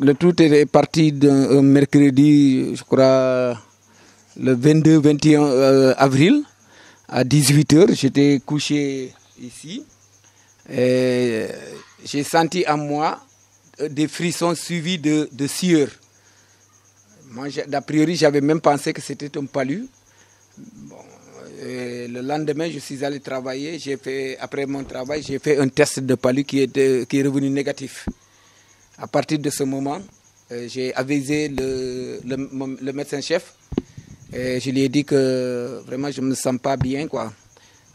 le tout est parti d'un mercredi, je crois, le 22-21 euh, avril à 18h. J'étais couché ici. Euh, j'ai senti à moi euh, des frissons suivis de, de sueur. Moi, d'a priori, j'avais même pensé que c'était un palu. le lendemain, je suis allé travailler. J'ai fait, après mon travail, j'ai fait un test de palu qui, qui est revenu négatif. À partir de ce moment, euh, j'ai avisé le, médecin-chef et je lui ai dit que vraiment je ne me sens pas bien. Quoi.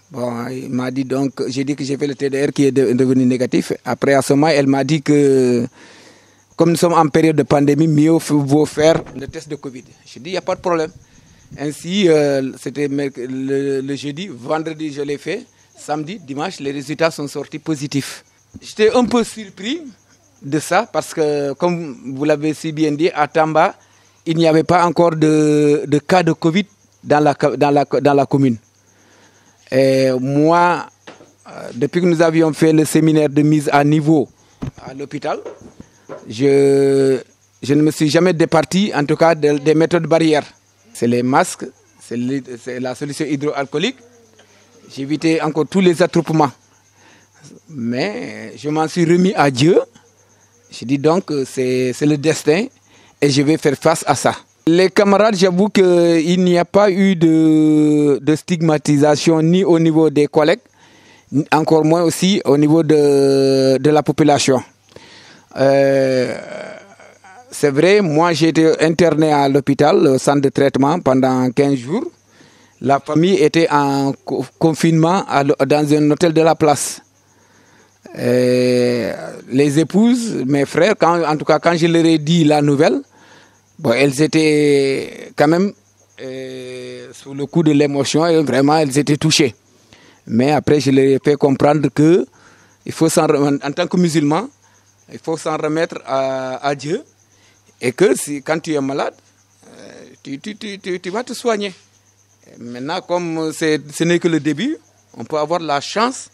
Bon, il m'a dit donc, j'ai dit que j'ai fait le TDR qui est devenu négatif. Après, à ce moment, elle m'a dit que comme nous sommes en période de pandémie, mieux vaut faire le test de Covid. Je dit il n'y a pas de problème. Ainsi, euh, c'était le, jeudi, vendredi, je l'ai fait. Samedi, dimanche, les résultats sont sortis positifs. J'étais un peu surpris de ça parce que, comme vous l'avez si bien dit, à Tamba, il n'y avait pas encore de, de, cas de Covid dans la, dans la, dans la commune. Et moi, euh, depuis que nous avions fait le séminaire de mise à niveau à l'hôpital, je, je ne me suis jamais départi, en tout cas, des méthodes barrières. C'est les masques, c'est la solution hydroalcoolique. J'évitais encore tous les attroupements. Mais je m'en suis remis à Dieu. Je dis donc, euh, c'est le destin et je vais faire face à ça. Les camarades, j'avoue qu'il n'y a pas eu de, stigmatisation ni au niveau des collègues, encore moins aussi au niveau de, la population. Euh, c'est vrai, moi j'ai été interné à l'hôpital, au centre de traitement, pendant 15 jours. La famille était en confinement dans un hôtel de la place. Euh, les épouses, mes frères, quand, en tout cas quand je leur ai dit la nouvelle, bon, elles étaient quand même euh, sous le coup de l'émotion vraiment elles étaient touchées. Mais après, je leur ai fait comprendre que il faut en, tant que musulman, il faut s'en remettre à, Dieu et que si, quand tu es malade, euh, tu, tu vas te soigner. Maintenant, comme ce n'est que le début, on peut avoir la chance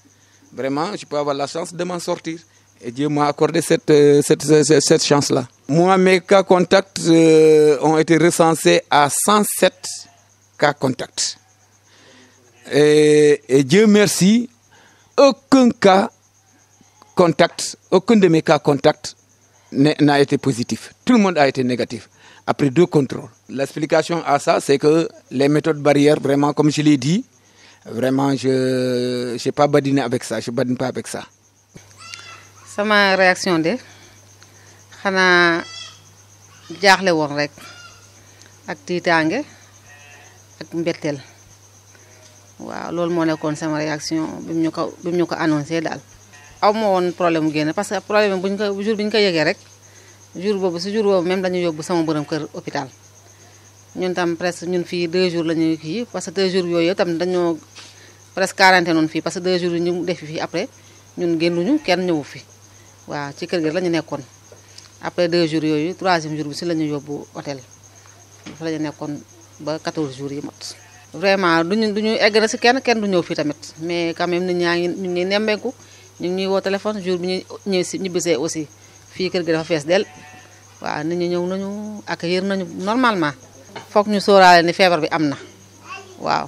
Vraiment, je peux avoir la chance de m'en sortir. Et Dieu m'a accordé cette, euh, cette, cette, chance-là. Moi, mes cas contacts euh, ont été recensés à 107 cas contacts. Et, et, Dieu merci, aucun cas contact, aucun de mes cas contacts n'a été positif. Tout le monde a été négatif après deux contrôles. L'explication à ça, c'est que les méthodes barrières, vraiment, comme je l'ai dit, Vraiment, je j'ai pas badiné avec ça, je ne badine pas avec ça. C'est ma réaction. De... xana jaxlé won rek ak titangé ak mbettel waaw loolu mo nekkoon sama réaction bi ñu ko bi ñu ko annoncé dal aw won problème guen parce que problème buñ ko jour buñ ko yégué rek jour bobu su jour bobu même lañu yobbu sama borom kër hôpital ñun tam presque ñun fi 2 jours lañu ki parce que 2 jours yooyu tam dañoo presque quarantaine noonu fii parce que deux jours yi ñu def fii après ñun génnuñu kenn ñëwu fii waaw ci kër gi la ñu nekkoon après deux jours yooyu troisième jour bi si la ñu yóbbu hôtel fa la ñu nekkoon ba 14 jours yi mat. vraiment duñu duñu egg na si kenn kenn du ñëw fii tamit mais quand même ñaa ngi ñu ngi nemmeeku ñu ngi ñuy woo téléphone jour bi ñu ñëw si ñibbisee aussi fii kër gi dafa fees del waaw nit ñu ñëw nañu accueillir nañu normalement. foog ñu sóoraale ni feebar bi am na waaw.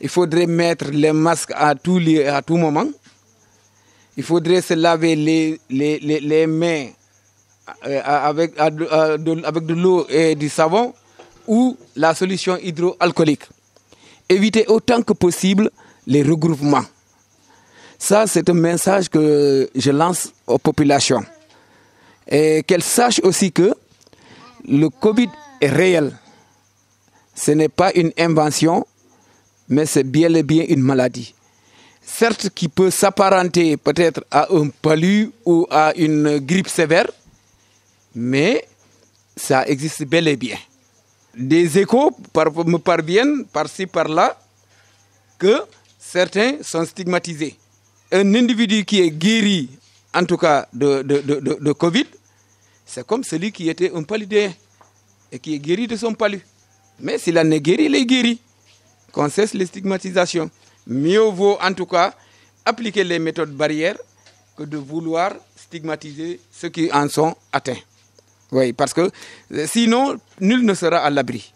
Il faudrait mettre les masques à tout, à tout moment. Il faudrait se laver les, les, mains euh, avec, avec de l'eau et du savon ou la solution hydroalcoolique. Éviter autant que possible les regroupements. Ça, c'est un message que je lance aux populations. Et qu'elles sachent aussi que le Covid est réel. Ce n'est pas une invention, mais c'est bien et bien une maladie. Certes, qui peut s'apparenter peut-être à un palu ou à une grippe sévère, mais ça existe bel et bien. Des échos me parviennent par-ci, par-là, que certains sont stigmatisés. Un individu qui est guéri, en tout cas de, Covid, c'est comme celui qui était un paludéen et qui est guéri de son palu. Mais s'il en est guéri, il est guéri qu'on cesse les stigmatisations. Mieux vaut en tout cas appliquer les méthodes barrières que de vouloir stigmatiser ceux qui en sont atteints. Oui, parce que euh, sinon, nul ne sera à l'abri.